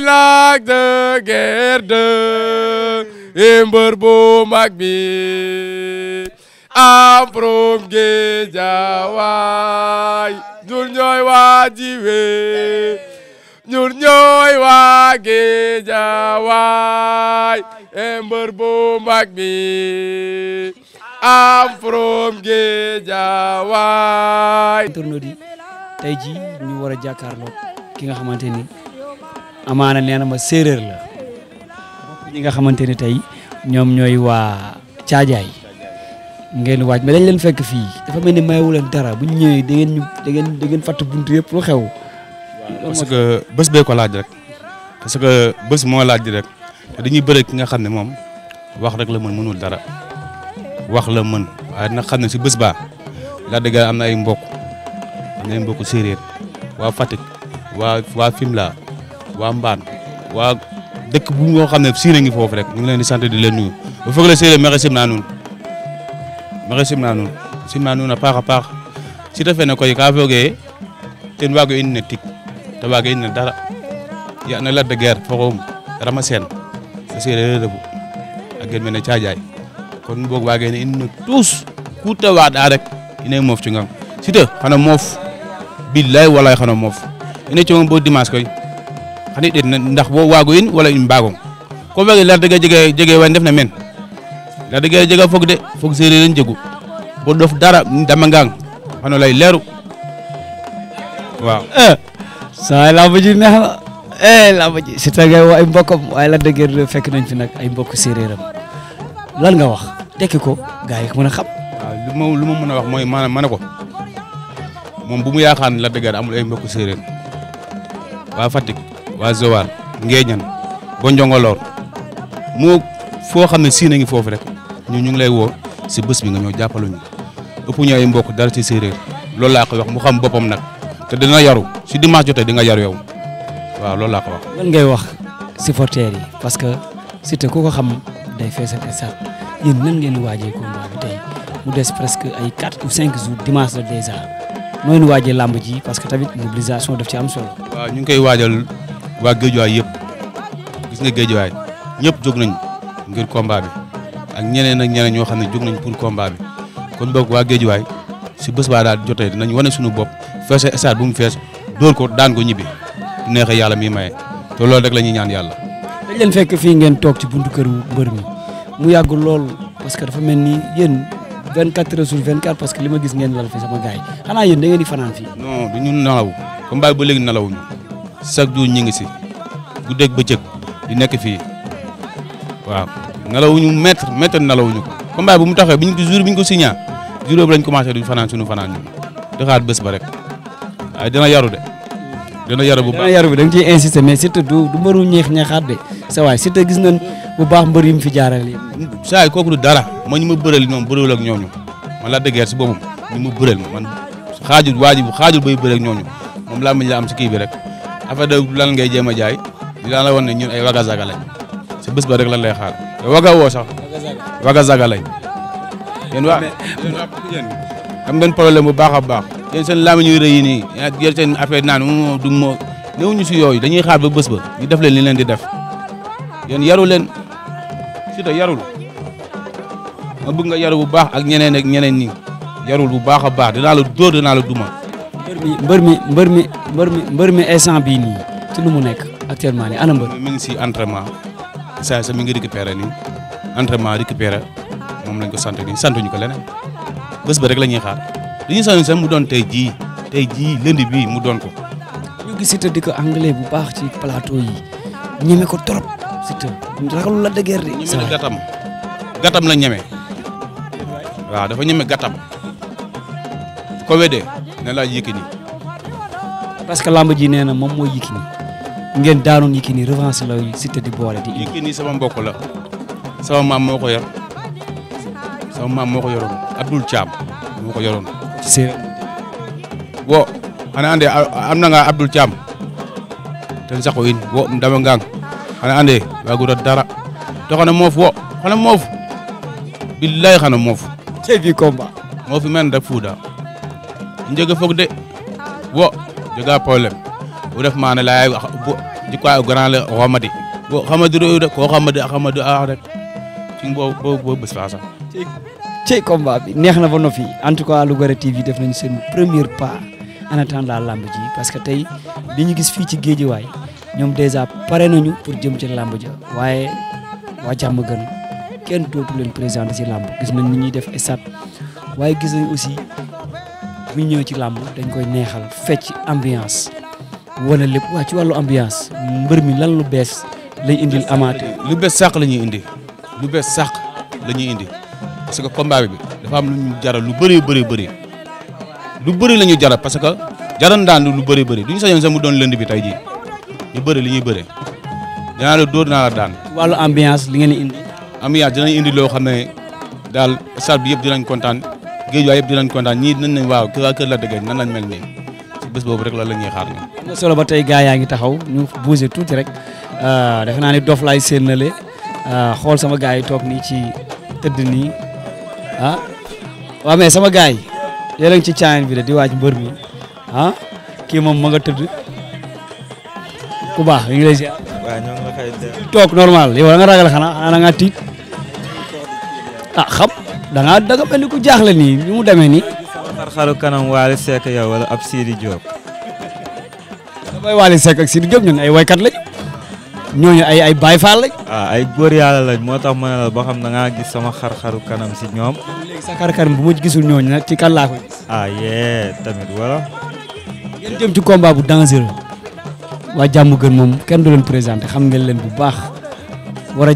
mooy Lac de Guiers 2 bu mag bi am from Guédiawaye ñun ñooy waa Jiwe ñun ñooy waa Guédiawaye mbër bu mag bi am from Guédiawaye tournoi tey ji ñu war a jàkkaarloo ki nga xamante ni amana nee ma séeréer la ñi nga xamante tay ñom ñoy wa tiajay ngeen waaj mais dañ leen fekk fi dafa melni ni mayewu leen dara bu ñewé ñëwee da ngeen ñu da ngeen da ngeen fatte buntu yépp lu xew. parce que bëss bee ko laaj rek parce que bëss mo laaj rek dañuy bëre ki nga xam mom wax rek la mën mënul dara wax la mën ay na xam ci bëss ba la dëgg amna ay mbokk am ay mbokk séeréer waa Fatick wa waa Fimela waa Mbaan waa dëkk bu nga xam ne Siré ngi foofu rek ñu ngi leen di sant di leen nuyu bu fekkee Siré mexe simnaa nuun mexe simnaa nuun a paax a paax si ta fene koy ka foogee ten waago in ne tik te waago in ne dara na la guerre foxum rama seen a Siré refu a gen mene caajaay kon boog waage ne in ne tous ku ta waaɗa rek ine moof cungang si ta xana moof walaay xana moof ine cungang bo dimanche koy xani ɗeet ndax wo waago in wala in mbaagong ko fag lar dega jege jege wa ndefna meen lar dega jega fog de fog sereer en jegu bo ɗof dara damangang xano lay leeru waaw eh, saay neex na e si tagay wa ay mbokkam waaye Lac de Guiers fekk nañ fi nag ay mbokk séeréeram lan nga wax tekki ko gars yi a xam lu ma lu mën a wax mooy maanaam ma ko moom bu mu yaakaar ne Lac de Guiers mbokk séeréer waa Fatick waa Joal Ngeeñan ba Njongoloor moo foo xam ne sii na ngi foofu rek ñu ñu ngi lay woo si bës bi nga ñëw jàppalu ñu ëpp ñu ay mbokk dara ci séeréer loolu laa koy wax mu xam boppam nag te dina yaru si dimanche jotee di nga yaru yow waaw loolu laa ko wax. lan ngay wax supporters yi parce que Siteu ku ko xam day feesal stade yéen nan ngeen di waajee combat bi tey mu des presque ay 4 ou 5 jours dimanche la déjà nooy nu waajee làmb parce que tamit mobilisation daf ci am solo. waaw ñu waa géejuwaay yëpp gis nga géejuwaay ñëpp jóg nañ ngir combat bi ak ñeneen ak ñeneen ñoo xam ne jóg nañ pour combat bi kon boog waa géejuwaay si bés baa daal jotee dinañ wane suñu bopp feese stade bu mu fees dóor ko daan ko ñibbi du neexee yàlla mii maye te loolu rek la ñuy ñaan yàlla. dañ leen fekk fii ngeen toog ci buntu kër mbër mi mu yàgg lool parce que dafa mel ni yéen 24 heures sur 24 parce li ma gis ngeen lal fi sama gars yi xanaa yéen da ngeen di fanaan fii. non du ñu chaque jour ñu ngi si guddeeg bëccëg di nekk fii waaw nelawuñu mètre mètre nelawuñu ko combat bu mu taxee biñ ko jour biñ ko signé jour boobu lañ commencé duñ fanaan suñu fanaan ñun di xaar bés ba rek waaye dina yaru de. dina yaru bu baax dina yaru bi da ciy insister mais surtout du du mbëru ñeex ñeexaat de sa waay surtout gis nañ bu baax mbër yi mu fi jaarale yëpp. saa yi kooku dara ma ñu ma bëreel ñoom bëreewul ak ñu man la dëggeer si boppam ñu ma bëreel man xaajul waajib xaaj bay bëreel ak ñooñu moom laa mën la am si kii bi rek affaire de lan ngay jéem a jaay di la woon ne ñun ay wagazaga lañ si bés rek lan lay xaar waga woo sax wagazaga lañ yéen waa am ngeen problème bu baax a baax yéen seen laami ñuy rëy nii yéen seen affaire naan moom du moo newuñu si yooyu dañuy xaar ba bés ba ñu def leen li leen di def yéen yaru leen Siteu yarul ma bëgg nga yaru bu baax ak ñeneen ak ñeneen ñi yarul bu baax a baax dinaa la dóor dinaa mbër mi mbër mi instant bii nii ci lu mu nekk actuellement nii ana mbër. mi ngi si entraînement saa sa mi ngi récupéré nii entraînement récupéré moom lañ ko sant nii santuñu ko leneen bés ba rek la ñuy xaar li ñuy sant sax mu doon tey jii tey jii lundi bii mu doon ko. ñu gis Siteu di ko anglais bu baax ci plateau yi ñeme ko trop Siteu ragalul la dëgër de. ñeme na gàttam gatam la ñeme waaw dafa ñeme gàttam ko wedee ne laa yëkkati nii. parce que lamb ji nee na moom moo Yékini ngeen daanoon Yékini revanche la Siteu di boole di. Yékini sama mbokk la sama maam moo ko yor sama maam moo ko yoroon Abdoul Thiam moo ko yoroon. ci wo xana ande am na nga Abdoul Thiam ten saqo in wo im dama ngang xana ande waagiro dara to xana moof wo xana moof billahi xana moof ceebi combat moofi meen rek fuuda njege foog de wo joga problème la ref mana leya jikwa o grand le o xamadi bo xamadi ko xamadi a xamadi a ah rek cing bo bo bés fa sax cey combat bi neex na ba noppi en tout cas Lougaré TV def nañu seen premier pas en attendant lamb ji parce que tey li ñu gis fii ci géejiwaay ñoom dèjà pare nañu pour jëm ci lamb ja waaye waa jàmm gën kenn dootu leen présenté ci lamb gis nañ ni ñuy def stade waaye gis nañ aussi bu ñëw ci lamb dañ koy neexal fecc ambiance wala lepp wa ci walu ambiance mbeur mi lan lu bees lay indil amate lu bees sax la indi lu bees sax la indi parce que combat bi dafa am lu ñu jara lu bëri bëri bëri lu bëri lañu jara parce que jaran daan lu bëri bëri duñu sañu sañoon mu doon lënd bi tay ji ñu bëri li ñuy bëri dina la door na la daan. walu ambiance li ngeen indi. ambiance dinañ indi lo xamé dal daal bi yëpp dinañ contane géej waay yëpp dinañ kontaan ñii dinañ nañ waaw waa kër Lac de Guiers nan lañ mel nii si bés boobu rek loolu la ñuy xaar ñun. am na solo ba tey gaa yaa ngi taxaw ñu buse tuuti rek euh, def naa ne dof laay séenale euh, xool sama gaa yi toog nii ci tëdd nii ah waaw sama gaa yi ngi ci caayin bi de di waaj mbër mi ah kii moom ma nga tëdd ku baax ñu ngi lay ziar. waaw ñoo ngi la fay toog normal yow nga ragal xanaa xanaa da ngaa tiit ah xam. da nga da nga mel ni ku jaaxle nii ni mu demee nii. xarxaru kanam Waly Seck yow ya, wala ab Sidi Diop. damay Waly Seck ak Sidi Diop ñun ay waykat lañ ñooñu ay ay Baye Fall lañ. ah ay góor yàlla lañ la ba xam da gis sama xarxaru kanam si ñoom. léegi sa xarxaram bu ma gisul ñooñu nag ci kan laa koy ah yee tamit wala. ngeen jëm ci combat bu dangereux. waa jàmm gën moom kenn du leen présenté xam ngeen leen bu baax war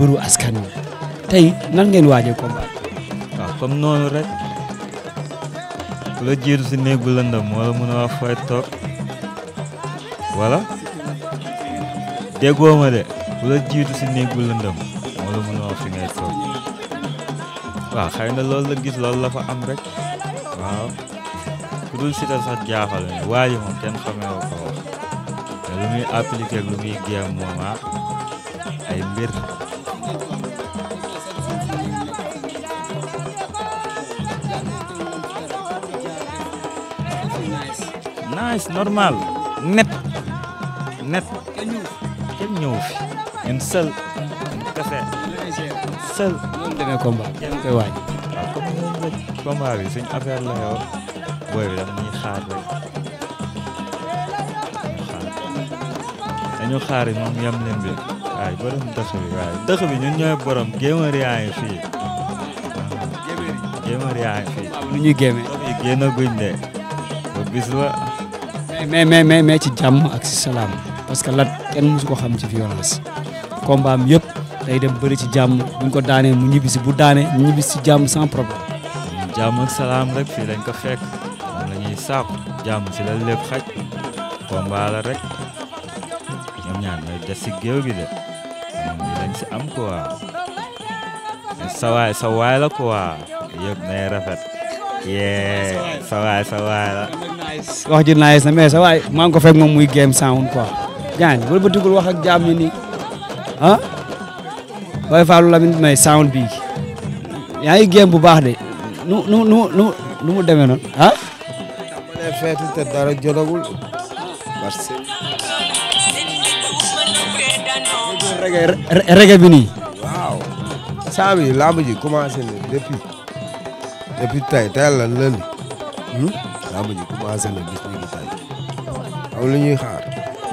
muy askan tey nan ngeen waajee combat waaw comme noonu rek la jiitu si néeg bu lëndam wala mun a wax fay toog voilà déggoo ma de bu la jiitu si néeg bu lëndam wala mun a wax fi ngay toog waaw xëy na loolu la gis loolu la fa am rek waaw ku dul si sax jaaxal ne waa moom kenn xamee ko wax lu muy appliqué lu muy géem moom ay mbir nice normal net net kenn ñëw fi ñun seul kese seul ñoom demee combat kenn koy waaj waaw comme ñoom rek combat bi suñ affaire la yow booy bi dafa ñuy xaar rek dañu xaar yi moom yam leen bi waaye borom dëkk bi waaye dëkk bi ñun ñooy borom gémar yaa ngi fii gémar yaa ngi fii lu ñuy gémee yi génn guñ de ba bis ba mais mais mais mais ci jàmm ak ci salaam parce que lat kenn musu ko xam ci violence combat am yëpp day dem bëri ci jàmm buñ ko daanee mu ñibbi si bu daanee mu ñibbi si sans problème. jàmm ak salaam rek fii lañ ko fekk moom la ñuy saaku jàmm si la lépp xaj combat la rek ñoom ñaar ñooy des si géew gi de lañ si am quoi sa waay sa waay la quoi yëpp nay rafet yee sa waay la nice wax ji nice na mais sa waay maa ngi ko fekk moom muy game sound quoi jaan wala ba dugul wax ak jaam ni ah waaye Fallou Lamine may sound bi yaa ngi game bu baax de nu nu nu nu nu mu demee noonu ah tàmbalee feetu te dara jolagul parce que rege bi nii waaw saa bi lamb commencé na depuis depuis tey tey la lundi làmb ji commencé na gis ni tey aw li ñuy xaar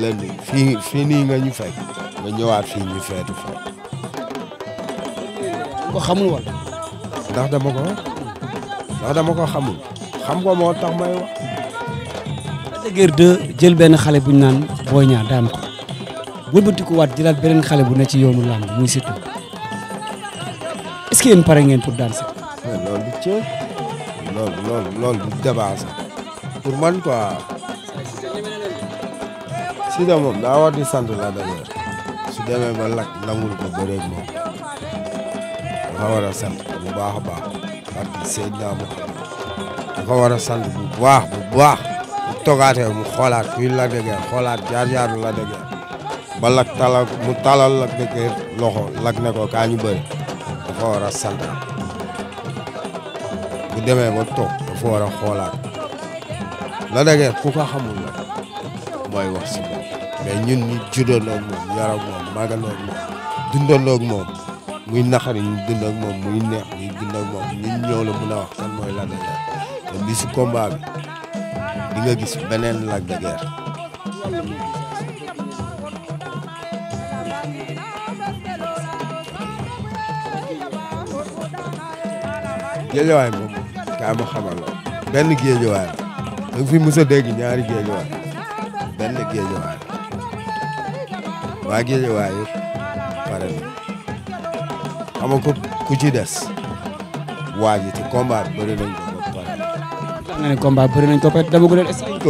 lenn fii fii nii nga ñu fekk nga ñëwaat fii ñu feetu fekk. ko xamul wala. ndax dama ko ndax dama ko xamul xam ko moo tax may wax. dëgër de jël benn xale bu ñu naan booy ñaar ko bu ne ci yoonu muy est-ce que ngeen pour loolu loolu loolu du débat sax pour man quoi Siteu moom daa war di sant la demee su demee ba lakk nangul ko bëreeg moom dafa war a sant bu baax a baax parce que Seydina Muhammad dafa war a sant bu baax bu baax bu togaatee mu xoolaat fii la déggee xoolaat jaar-jaaru la déggee ba lakk talal mu talal la déggee loxo lakk ne ko kaa ñu bëri dafa war a sant bu demee ba toog dafa war a xoolaat la dëgër ku ko xamul nag mooy wax si moom mais ñun ñu juddandoo ak moom yaroo ak moom màggandoo ak moom dundandoo ak moom muy naqari ñu dund ak moom muy neex ñu dund ak moom ñun ñoo la mën a wax kan mooy la dëgër te li si combat bi di nga gis beneen la kaa ma benn géejuwaay la da nga fi mos a dégg ñaari géejuwaay benn géejuwaay la waa géejuwaay yëpp pare na xam nga ku ci des waa ji ci combat bëri nañ ko ba pare. tax ko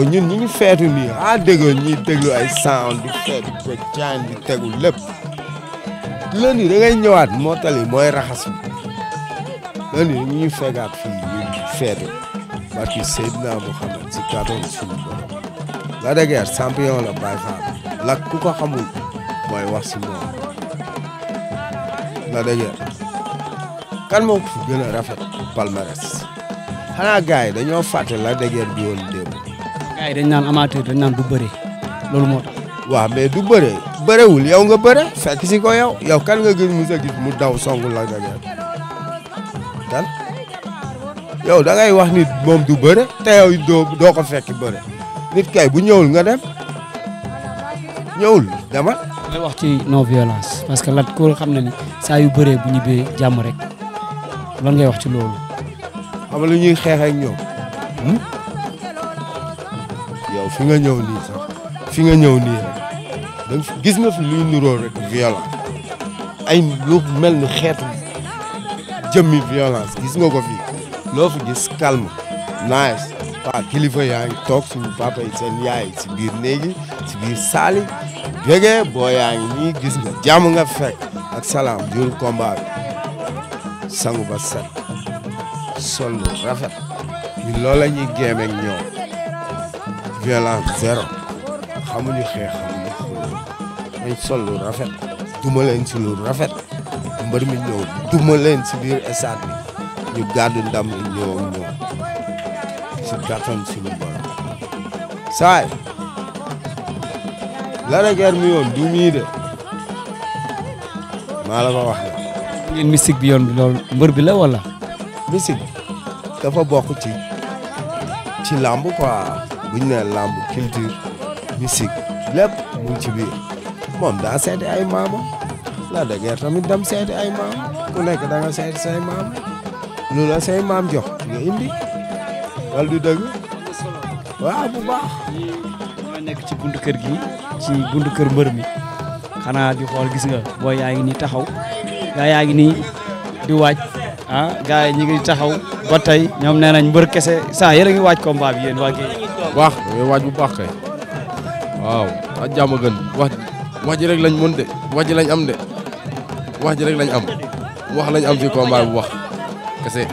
ba ñun ñi ngi feetu nii ah déggoo ñuy déglu ay sound di caan di tegu lépp. lënd yi da ngay ñëwaat mottali mooy raxas ëllëg ñu ñu fegaat fii ñu feete barki Seydina Mouhamed si kàddoon suñu borom la de guerre la Baye Fall ku ko xamul mooy wax si moom la de kan moo ko fi gën a rafet palmarès xanaa gars yi dañoo fàtte la de guerre bi woon démb. gars yi dañ naan amateur dañ naan du bëre loolu moo tax. waaw mais du bëre bërewul yow nga bëre fekk si ko yow yow kan nga gis mu sa gis mu daw song la de dal yow da ngay wax ni moom du bëre te yow doo doo ko fekki kay bu ñëwul nga dem ñëwul dama. may wax ci no violence parce que lat ko xam na ni saa yu bëree bu ñibbee jàmm rek lan ngay wax ci loolu. xam lu ñuy xeex ak ñoom. Hmm? yow fi nga ñëw nii sax fi nga ñëw nii rek gis nga fi luy niroo xeetu. jëmmi violence gis nga ko fii loo gis calme nice waa kilifa yaa ngi toog suñu papa yi seen yaay si biir néegi si biir saali boo yaa ngi gis nga jàmm nga fekk ak salaam jur combat sangu ba set sol lu rafet ñu loola ñuy géem ak ñoom violence zéro xamuñu xeex xamuñu xul dañ sol lu rafet duma leen rafet mbër mi ñëw duma leen si biir stade bi ñu gàddu ndam si kàttan saay la regeer mi yoon du de maa la ko wax de ngeen mystique bi yoon bi loolu mbër bi la wala dafa bokk ci ci làmb quoi bu ñu nee làmb culture mystique lépp ci biir moom daa seeti ay maama la de guerre tamit dem seeti ay maam ku nekk da nga seeti say maam lu la jox nga indi wala du dëgg waaw bu baax nekk ci buntu kër gi ci buntu kër mbër mi xanaa di xool gis nga boo yaa ngi ni taxaw gaa yaa ngi ni di waaj ah gaa yi ñu ngi taxaw ba tey ñoom nee nañ mbër kese saa yéen a ngi waaj combat bi yéen waa Guèye bu baax kay waaw a jàmm gën wax wax rek lañ mën de wax ji lañ am de wax ji rek lañ am wax lañ am fi combat bu wax kese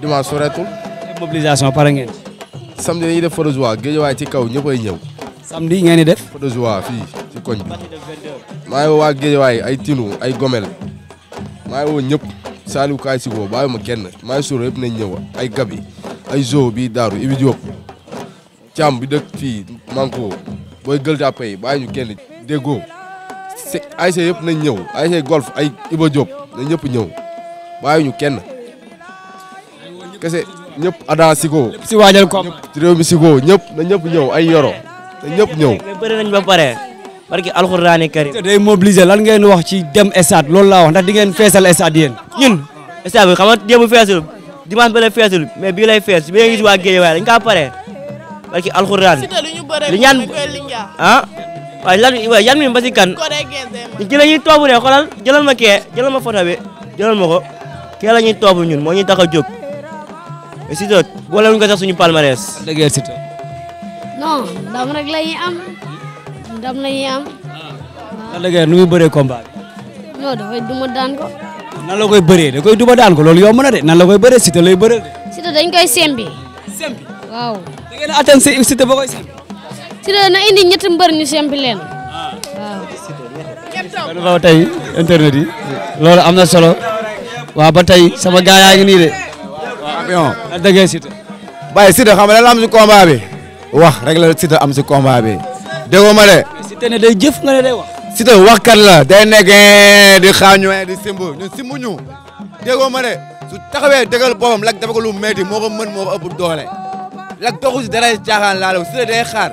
dimanche soreetul. mobilisation pare ngeen. samedi dañuy def feu de joie ci kaw ñëppay ñëw. samedi ngeen di def. feu de joie fii ci koñ bi maa ngi waa géejawaay ay tinu ay gomel maa ngi woo ñëpp Saliou Kaay si woo bàyyi ma kenn maa ngi yëpp nañ ñëw ay gabi ay zoo bi daaru Ibi Diop càmm bi dëkk fii manko booy gël jàppe yi bàyyi ñu kenn déggoo. ASC yëpp nañ ñëw ASC golf ay Iba Diop nañ ñëpp ñëw bàyyi ñu kenn kese ñëpp Ada Sigo. si waajal ko réew mi Sigo ñëpp na ñëpp ñëw ay yoro na ñëpp ñëw. bëri nañ ba pare barki alxuraani karim. day mobiliser lan ngeen wax ci dem stade loolu laa wax ndax di ngeen feesal stade yéen. ñun stade bi xam nga démb feesul dimanche ba lay feesul mais bii lay fees bi nga gis waa Guédiawaye dañ kaa pare barki waaye lan waaye yan mi mbasi kan jalan la ñuy toobu ne xoolal jëlal ma kee jëlal ma photo bi jëlal ma ko kee la ñuy toobu ñun moo ñuy tax a jóg Siteu boole wuñ ko am ndam la am la nu muy bëree combat No, da koy duma daan ko nan la koy bëree da koy duma dan ko loolu yomb na de nan la koy bëree Siteu lay bëree de dañ koy sembi sembi waaw da ngeen atteindre sembi Siteu na indi ñetti mbër ñu sempi leen. waaw. Ah. waaw tey internet yi. loolu am solo. waaw ba sama gaya yaa ngi nii de. waaw ah, na déggee Siteu. Baye Siteu xam nga lan la am si combat bi. wax rek la am si combat bi. dego ma de. Siteu ne day jëf nga ne day wax. Siteu waxkat la day nekk eh, di xaañu eh, di simbu ñu simbu ñu. déggoo ma de su taxawee dëggal boppam lak dafa ko lu metti moo ko mën moo ko ëpp doole. lak doxu si dara day xaar.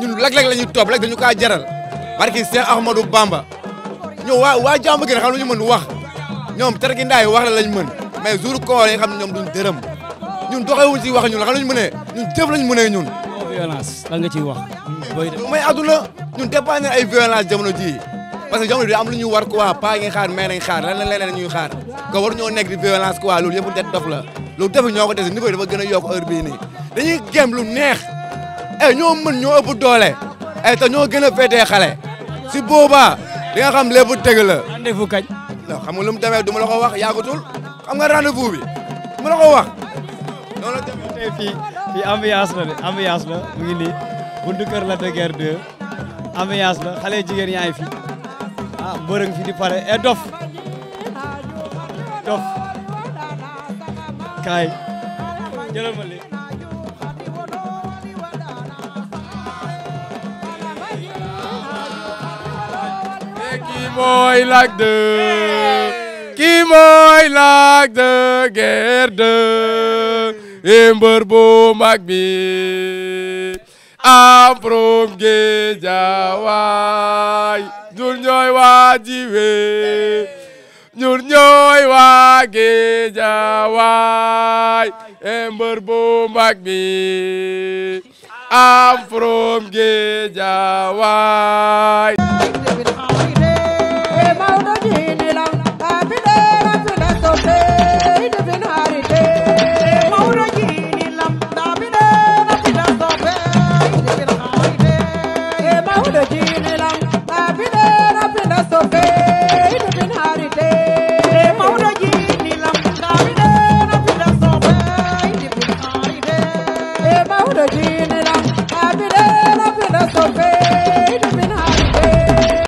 ñun lag-lag la ñuy topp lag dañu kaa jaral barki Cheikh Ahmadou Bamba ñoom waa waa jàmm gi xam lu ñu mën wax ñoom tarki ndaay wax la lañ mën mais jour koor yi xam ne ñoom duñ dërëm ñun doxewuñ ci wax ñun xam lu ñu mënee ñun jëf lañ mënee ñun violence lan nga ciy wax mooy àdduna ñun dépassé ay violence jamono ji parce que jamono am lu ñu war quoi pas ngi xaar mais nañ xaar lan la leneen ñuy xaar ko war ñoo nekk di violence quoi loolu yëpp det dof la loolu defe ñoo ko dese niveau yi dafa gën a yokk heure bii gem lu neex eh ñoo mën ñoo ëpp doole eh te ñoo gën a féetee xale si boobaa li nga xam lépp tëgg la. rendez-vous kañ. non xam nga lu mu duma du la ko wax yàggatul xam nga rendez-vous bi du ma la wax. noonu la demee tey fii fii ambiance la de ambiance la mu ngi nii buntu kër la de guerre 2 ambiance la xale jigéen yaa ngi fi ah mbërëng fi di pare e dof dof kaay jëlal oyladı Kim oyladı gerdi Ember bulmak bir Amrum gecavay Nurnoy vacive Nurnoy va gecavay Ember bulmak bir Amrum gecavay